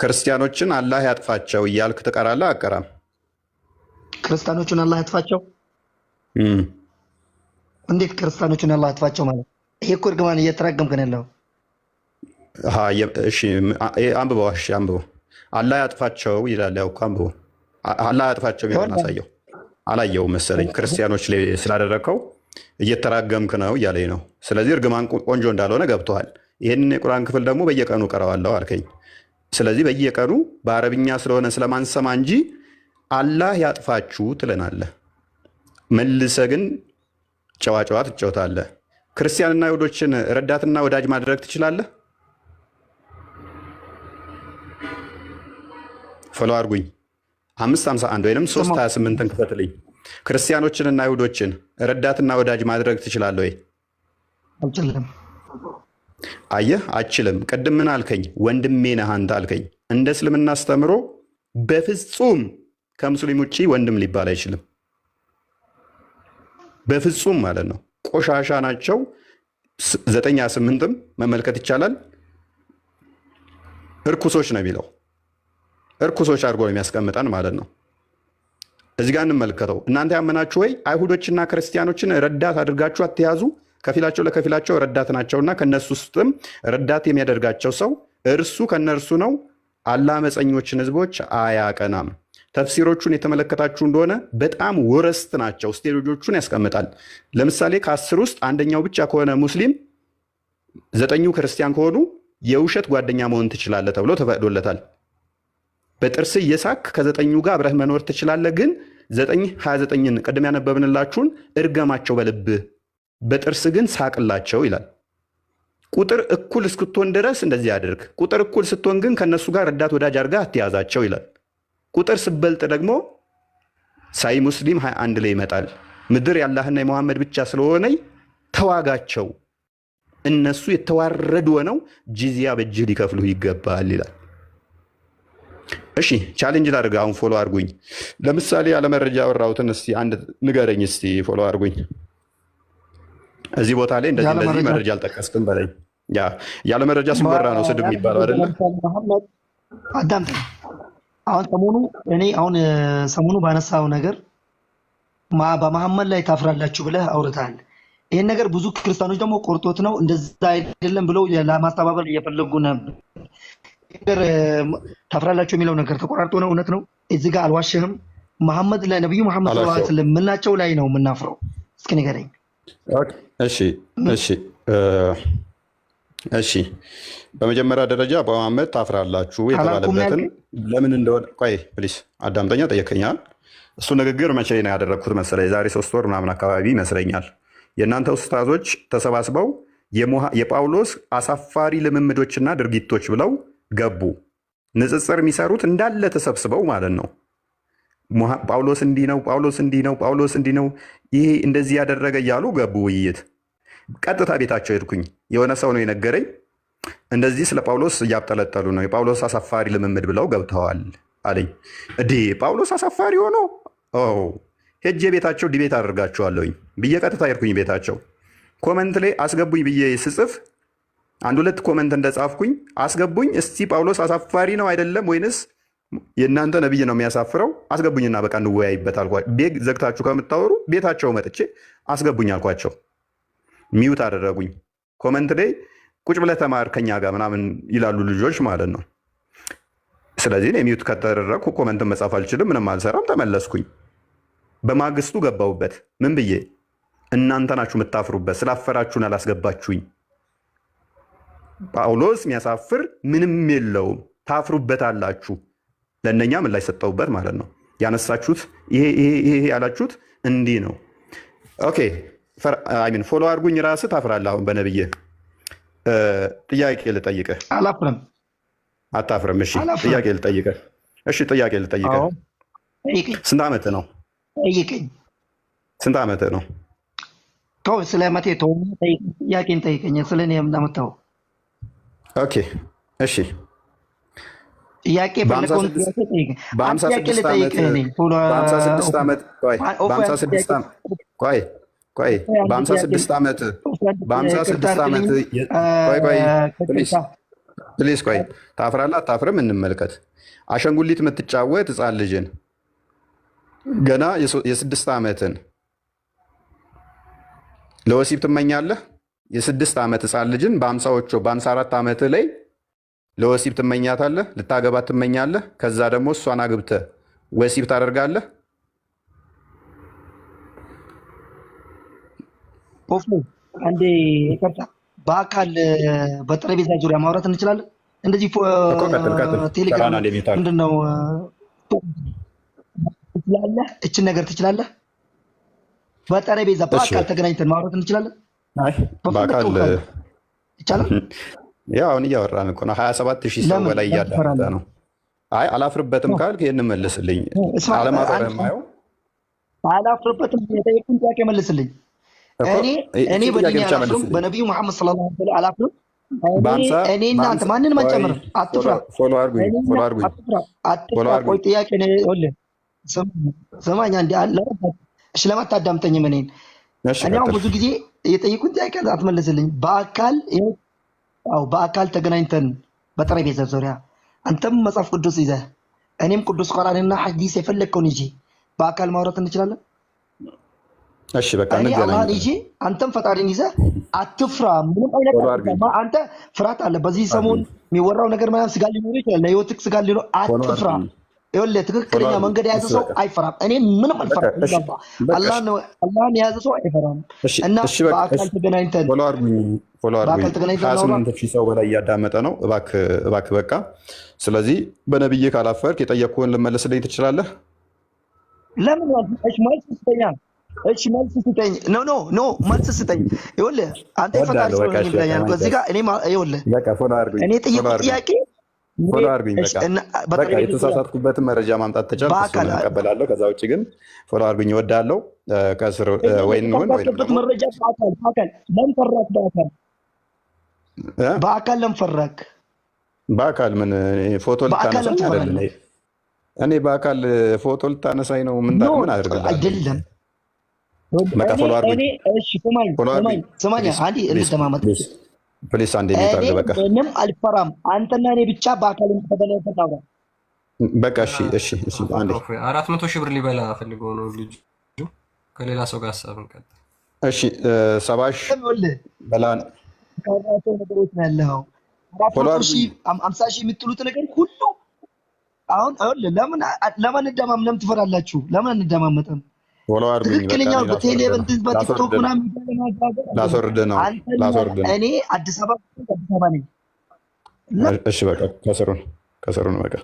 ክርስቲያኖችን አላህ ያጥፋቸው እያልክ ትቀራለህ። አቀራም ክርስቲያኖችን አላህ ያጥፋቸው። እንዴት ክርስቲያኖችን አላህ ያጥፋቸው ማለት? ይሄ እኮ እርግማን እየተረገምክ ነው ያለው። አንብበው፣ እሺ አንብበው። አላህ ያጥፋቸው ይላል። ያው አንብበው። አላህ ያጥፋቸው ቢሆን አሳየው። አላየው መሰለኝ። ክርስቲያኖች ላይ ስላደረግከው እየተራገምክ ነው እያለኝ ነው። ስለዚህ እርግማን ቆንጆ እንዳልሆነ ገብተዋል። ይህንን የቁርአን ክፍል ደግሞ በየቀኑ ቀረዋለሁ አልከኝ። ስለዚህ በየቀኑ በአረብኛ ስለሆነ ስለማንሰማ እንጂ አላህ ያጥፋችሁ ትለናለህ። መልሰ ግን ጨዋጨዋ ትጫወታለህ። ክርስቲያንና ይሁዶችን ረዳትና ወዳጅ ማድረግ ትችላለህ? ፈሎ አድርጉኝ። አምስት ሃምሳ አንድ ወይም ሶስት ሃያ ስምንትን ክፈትልኝ። ክርስቲያኖችንና ይሁዶችን ረዳትና ወዳጅ ማድረግ ትችላለህ ወይ? አየህ አችልም። ቅድም ምን አልከኝ? ወንድሜ ነህ አንተ አልከኝ። እንደ እስልምና አስተምሮ በፍጹም ከሙስሊም ውጭ ወንድም ሊባል አይችልም። በፍጹም ማለት ነው። ቆሻሻ ናቸው። ዘጠኛ ስምንትም መመልከት ይቻላል። እርኩሶች ነው የሚለው እርኩሶች አድርጎ ነው የሚያስቀምጠን ማለት ነው። እዚህ ጋር እንመልከተው። እናንተ ያመናችሁ ወይ አይሁዶችና ክርስቲያኖችን ረዳት አድርጋችሁ አትያዙ ከፊላቸው ለከፊላቸው ረዳት ናቸውና ከነሱ ውስጥም ረዳት የሚያደርጋቸው ሰው እርሱ ከነርሱ ነው። አላህ ህዝቦች አያቀናም። ተፍሲሮቹን የተመለከታችሁ እንደሆነ በጣም ወረስት ናቸው። ስቴጆቹን ያስቀምጣል። ለምሳሌ ከአስር ውስጥ አንደኛው ብቻ ከሆነ ሙስሊም፣ ዘጠኙ ክርስቲያን ከሆኑ የውሸት ጓደኛ መሆን ትችላለህ ተብሎ ተፈቅዶለታል። በጥርስ እየሳክ ከዘጠኙ ጋር አብረህ መኖር ትችላለህ። ግን ዘጠኝ ሀያ ዘጠኝን ቅድም ያነበብንላችሁን እርገማቸው በልብህ በጥርስ ግን ሳቅላቸው ይላል። ቁጥር እኩል እስክትሆን ድረስ እንደዚህ አድርግ። ቁጥር እኩል ስትሆን ግን ከእነሱ ጋር ረዳት ወዳጅ አድርጋ አትያዛቸው ይላል። ቁጥር ስበልጥ ደግሞ ሳይ ሙስሊም 21 ላይ ይመጣል። ምድር የአላህና የመሐመድ ብቻ ስለሆነ ተዋጋቸው፣ እነሱ የተዋረዱ ሆነው ጂዚያ በእጅህ ሊከፍሉ ይገባል ይላል። እሺ ቻሌንጅ ላድርግ። አሁን ፎሎ አድርጉኝ። ለምሳሌ ያለመረጃ ያወራሁትን እስቲ አንድ ንገረኝ። እስቲ ፎሎ አድርጉኝ። እዚህ ቦታ ላይ እንደዚህ እንደዚህ መረጃ አልጠቀስክም በለኝ። ያ ያለ መረጃ ሲወራ ነው ስድብ የሚባለው አይደለም። አዳምጠኝ። አሁን ሰሞኑ እኔ አሁን ሰሞኑ ባነሳው ነገር በመሐመድ ላይ ታፍራላችሁ ብለህ አውርተሃል። ይህን ነገር ብዙ ክርስቲያኖች ደግሞ ቆርጦት ነው እንደዛ አይደለም ብለው ለማስተባበል እየፈለጉ ነበር። ነገር ታፍራላችሁ የሚለው ነገር ተቆራርጦ ነው። እውነት ነው። እዚህ ጋር አልዋሸህም። መሐመድ ላይ ነቢዩ መሐመድ ስለም ምናቸው ላይ ነው የምናፍረው? እስኪ ንገረኝ። እሺ እሺ እሺ በመጀመሪያ ደረጃ በመሐመድ ታፍራላችሁ የተባለበትን ለምን እንደሆነ ቆይ ፕሊስ አዳምጠኛ ጠየቀኛል። እሱ ንግግር መቼ ነው ያደረግኩት መሰለኝ? የዛሬ ሶስት ወር ምናምን አካባቢ ይመስለኛል። የእናንተ ውስታዞች ተሰባስበው የጳውሎስ አሳፋሪ ልምምዶችና ድርጊቶች ብለው ገቡ። ንጽጽር የሚሰሩት እንዳለ ተሰብስበው ማለት ነው። ጳውሎስ እንዲህ ነው፣ ጳውሎስ እንዲህ ነው፣ ጳውሎስ እንዲህ ነው፣ ይሄ እንደዚህ ያደረገ እያሉ ገቡ ውይይት ቀጥታ ቤታቸው ሄድኩኝ። የሆነ ሰው ነው የነገረኝ። እንደዚህ ስለ ጳውሎስ እያብጠለጠሉ ነው፣ የጳውሎስ አሳፋሪ ልምምድ ብለው ገብተዋል አለኝ። እዲ ጳውሎስ አሳፋሪ ሆኖ ሄጄ ቤታቸው ዲቤት አደርጋቸዋለሁኝ ብዬ ቀጥታ ሄድኩኝ ቤታቸው። ኮመንት ላይ አስገቡኝ ብዬ ስጽፍ አንድ ሁለት ኮመንት እንደጻፍኩኝ አስገቡኝ፣ እስቲ ጳውሎስ አሳፋሪ ነው አይደለም ወይንስ የእናንተ ነብይ ነው የሚያሳፍረው? አስገቡኝና በቃ እንወያይበት አልኳቸው። ዘግታችሁ ከምታወሩ ቤታቸው መጥቼ አስገቡኝ አልኳቸው። ሚዩት አደረጉኝ። ኮመንት ላይ ቁጭ ብለህ ተማር ከኛ ጋር ምናምን ይላሉ ልጆች ማለት ነው። ስለዚህ ሚዩት ከተደረግኩ ኮመንትን መጻፍ አልችልም፣ ምንም አልሰራም። ተመለስኩኝ። በማግስቱ ገባሁበት። ምን ብዬ እናንተ ናችሁ የምታፍሩበት፣ ስላፈራችሁን አላስገባችሁኝ። ጳውሎስ የሚያሳፍር ምንም የለውም፣ ታፍሩበት አላችሁ። ለእነኛ ምን ሰጠሁበት ማለት ነው። ያነሳችሁት ይሄ ይሄ ያላችሁት እንዲህ ነው። ኦኬ ሚን ፎሎ አድርጉኝ። ራስ ታፍራለህ። አሁን በነብዬ ጥያቄ ልጠይቀ አላፍርም። አታፍርም? እሺ ጥያቄ ልጠይቀ እሺ ጥያቄ ልጠይቀ ስንት ዓመት ነው? ጠይቅኝ። ስንት ዓመት ነው? ተው፣ ስለ መቴ ተው። ጥያቄን ጠይቀኝ። ስለ እኔ የምናመጣው ኦኬ። እሺ ጥያቄ በለቀውን ስድስት ዓመት ቆይ በአምሳ ስድስት ዓመት በአምሳ ስድስት ዓመት ቆይ ቆይ ፕሊስ ቆይ ታፍራለህ አታፍርም? እንመልከት። አሸንጉሊት የምትጫወት ህፃን ልጅን ገና የስድስት ዓመትን ለወሲብ ትመኛለህ። የስድስት ዓመት ህፃን ልጅን በአምሳዎቹ በአምሳ አራት ዓመት ላይ ለወሲብ ትመኛታለህ፣ ልታገባት ትመኛለህ። ከዛ ደግሞ እሷን አግብተህ ወሲብ ታደርጋለህ። ኮፍሙ አንዴ ይቅርታ፣ በአካል በጠረጴዛ ዙሪያ ማውራት እንችላለን። እንደዚህ ቴሌግራም ምንድን ነው ትችላለህ? እችን ነገር ትችላለህ? በጠረጴዛ በአካል ተገናኝተን ማውራት እንችላለን። በአካል ይቻላል። ያው አሁን እያወራን እኮ ነው። ሀያ ሰባት ሺህ ሰው በላይ እያዳመጠ ነው። አይ አላፍርበትም ካልክ ይህን መልስልኝ። አለማፈር የማየው አላፍርበትም። የጠየቁን ጥያቄ መልስልኝ። እኔ በዲን አላፍርም፣ በነቢዩ መሐመድ ስለ ላ አላፍርም። እኔ እናንተ ማንንም አጨምርም። ለማታዳምጠኝም እኔን ብዙ ጊዜ የጠየቁን ጥያቄ አትመለስልኝ በአካል በአካል ተገናኝተን በጠረጴዛ ዙሪያ አንተም መጽሐፍ ቅዱስ ይዘህ እኔም ቅዱስ ቁርአንና ሐዲስ የፈለግከውን ይዤ በአካል ማውራት እንችላለን። እሺ በቃ አላህን ይዤ አንተም ፈጣሪን ይዘህ አትፍራ። ምንም አይነት አንተ ፍርሃት አለ። በዚህ ሰሞን የሚወራው ነገር ምናምን ስጋ ሊኖር ይችላል። ለህይወትህ ስጋ ሊኖር አትፍራ። ይኸውልህ ትክክለኛ መንገድ የያዘ ሰው አይፈራም። እኔ ምንም አልፈራም። አላህን የያዘ ሰው አይፈራም። እና በአካል ተገናኝተን ሰው በላይ እያዳመጠ ነው። እባክህ በቃ ስለዚህ በነብዬ ካላፈርክ የጠየቅኩህን ልመልስልኝ ትችላለህ። ለምን ማለት ሽ እሺ መልስ ስጠኝ። ኖ ኖ ኖ መልስ ስጠኝ። ይኸውልህ አንተ የፈጣሪ ሰው ነኝ ብለኛል እኮ እዚህ ጋር እኔ ይኸውልህ እኔ ጥያቄ ጥያቄ ፎሎ አርጉኝ። በቃ የተሳሳትኩበትን መረጃ ማምጣት ተቻል እቀበላለሁ። ከዛ ውጭ ግን ፎሎ አርጉኝ እወዳለሁ። ከስር ወይንም ሆን መረጃ በአካል ለምን ፈራክ? በአካል በአካል ለምን ፈራክ? በአካል ምን ፎቶ ልታነሳ እኔ በአካል ፎቶ ልታነሳኝ ነው? ምን ምን አድርግልህ አይደለም መቀፈሉ ፕሊስ አንድ ምንም አልፈራም። አንተና እኔ ብቻ በአካል ተበለ ተጣራ በቃ እሺ፣ እሺ፣ እሺ። አንዴ አራት መቶ ሺህ ብር ሊበላ ፈልጎ ነው ልጁ ከሌላ ሰው ጋር ሀሳብ እንቀጥል። እሺ፣ ሰባሽ በላን ነገሮች ነው ያለው። አራት መቶ ሺህ አምሳ ሺህ የምትሉት ነገር ሁሉ አሁን አሁን ለምን ለምን እንደማም ለምን ትፈራላችሁ? ለምን እንደማመጠም ፎሎ አድርጉኝ። ትክክለኛ ሆቴል በቲክቶክ ምናምን ላስወርድ ነው ላስወርድ ነው። እኔ አዲስ አበባ አዲስ አበባ ነኝ። እሺ በቃ ከስሩን ከስሩን በቃ